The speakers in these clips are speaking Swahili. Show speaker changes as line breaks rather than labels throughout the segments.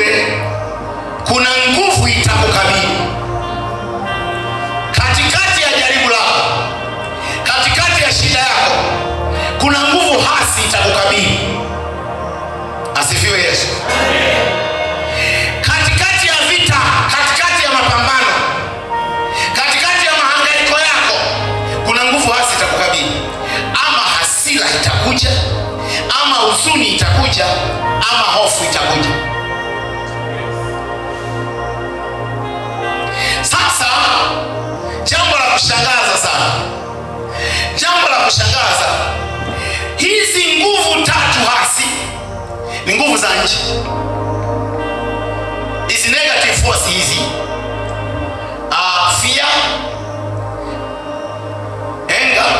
it nchi. Hizi negative force hizi, uh, ah, fear, anger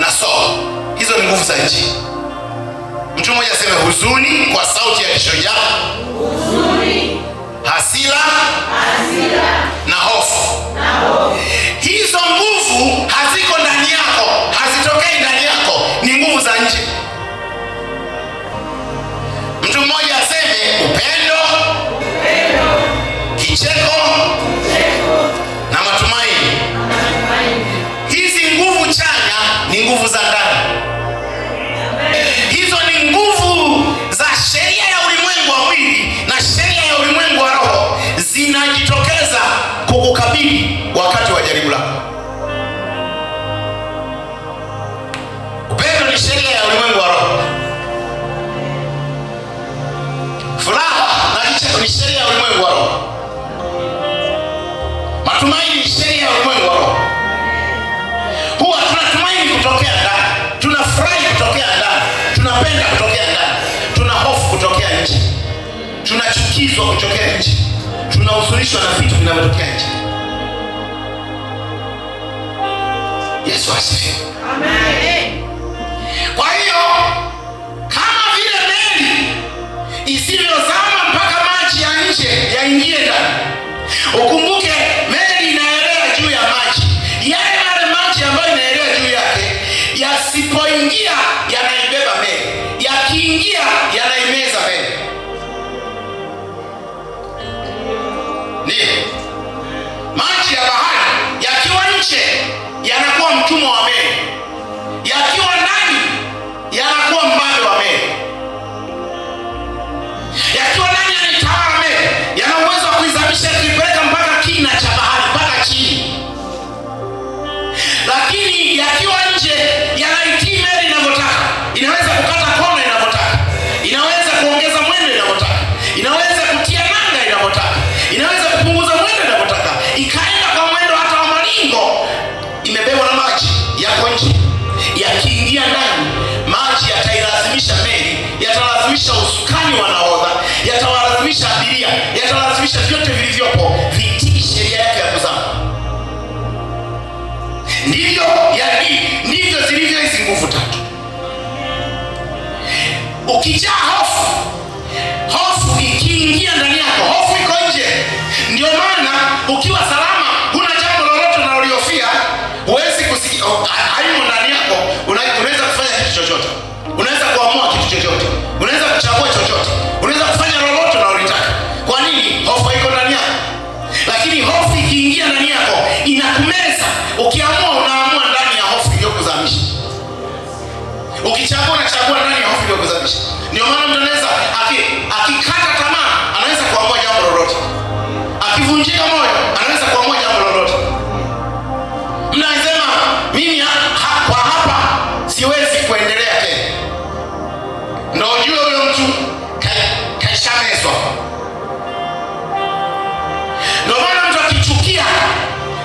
na so hizo ni nguvu za nchi. Mtu mmoja aseme huzuni kwa sauti ya kishoja
huzuni, hasira, hasira
na hofu,
na hofu.
Hizo nguvu haziko ndani nguvu za ndani, hizo ni nguvu za sheria ya ulimwengu wa mwili na sheria ya ulimwengu wa roho zinajitokeza kukukabili wakati wa jaribu lako. Upendo ni sheria ya ulimwengu wa roho, furaha na kicheko ni sheria ya ulimwengu wa roho, matumaini ni sheria ya ulimwengu wa roho. tunapenda kutokea ndani, tuna hofu kutokea nje, tunachukizwa kutokea nje, tunahuzunishwa na vitu vinavyotokea nje. Yesu asifiwe.
Amen.
Kwa hiyo kama vile meli isivyozama mpaka maji ya nje yaingie ndani, ukumbuke meli inaelea juu ya maji, yale yale maji ambayo inaelea juu yake yasipoingia vitisho vyote vilivyopo vitii sheria yake ya kuzama. Ndivyo yani, ndivyo zilivyo hizi nguvu tatu. Ukijaa hofu, hofu ikiingia ndani yako, hofu iko nje. Ndio maana ukiwa Ukiamua unaamua ndani ya hofu iliyokuzamisha, ukichagua unachagua ndani ya hofu iliyokuzamisha. Ndio maana mtu anaweza akikata tamaa, anaweza kuamua jambo lolote, akivunjika moyo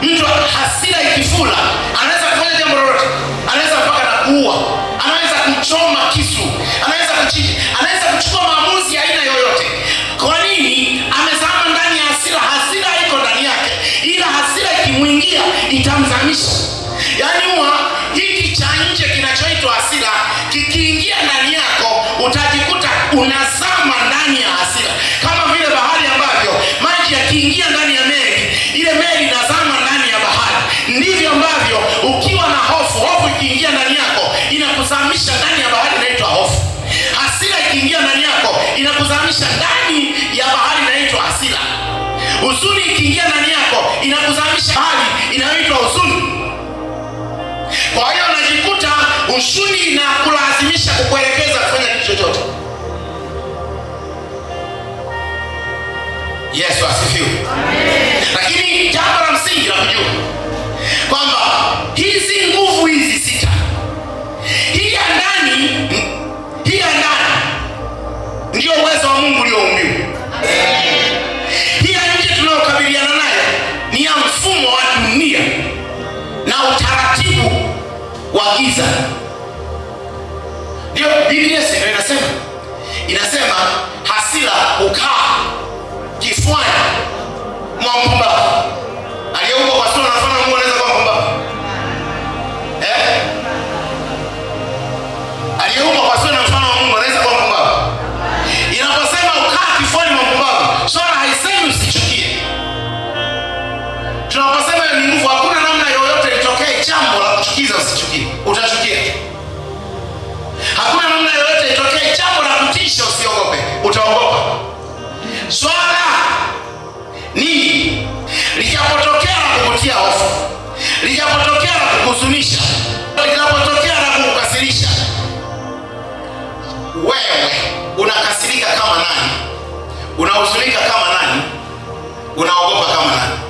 Mtu hasira ikifula, anaweza kufanya jambo lolote, anaweza mpaka na kuua, anaweza kuchoma kisu, anaweza kuchi anaweza kuchukua maamuzi ya aina yoyote. Kwa nini? Amezama ndani ya hasira. Hasira iko ndani yake, ila hasira ikimwingia itamzamisha. Yaani huwa hiki cha nje kinachoitwa hasira kikiingia ndani yako, utajikuta unazama ndani ya hasira, kama vile bahari ambavyo maji yakiingia ndani ya mea meli inazama ndani ya bahari. Ndivyo ambavyo ukiwa na hofu, hofu ikiingia ndani yako inakuzamisha ndani ya bahari, inaitwa hofu. Hasira ikiingia ndani yako inakuzamisha ndani ya bahari, inaitwa hasira. Huzuni ikiingia ndani yako inakuzamisha bahari, inayoitwa huzuni. Kwa hiyo unajikuta huzuni inakulazimisha kukuelekeza kufanya kitu chochote. Yesu asifiwe. Biblia sema inasema inasema hasira ukaa kifuani mwa mpumbavu. Aliyeumbwa kwa sura na mfano Mungu anaweza kuwa mpumbavu eh? Aliyeumbwa kwa sura na mfano wa Mungu anaweza kuwa mpumbavu. Inaposema ukaa kifuani mwa mpumbavu, sura haisemi usichukie. Tunaposema ni nguvu, hakuna namna yoyote litokee jambo la kuchukiza usichukie. utaogopa. Swala ni likapotokea na kukutia hofu, likapotokea na kukuhuzunisha, linapotokea na kukukasirisha, wewe unakasirika kama nani? Unahuzunika kama nani? Unaogopa kama nani?